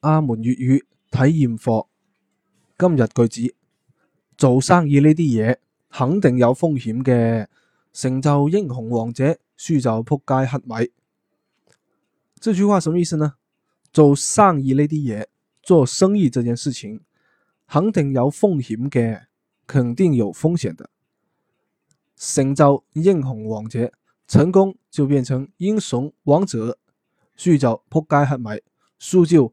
阿門粵語體驗課今日句子：做生意呢啲嘢，肯定有風險嘅，成就英雄王者，輸就扑街乞米。這句話什麼意思呢？做生意呢啲嘢，做生意這件事情肯定有風險嘅，肯定有風險的。成就英雄王者，成功就變成英雄王者，輸就扑街乞米，輸就。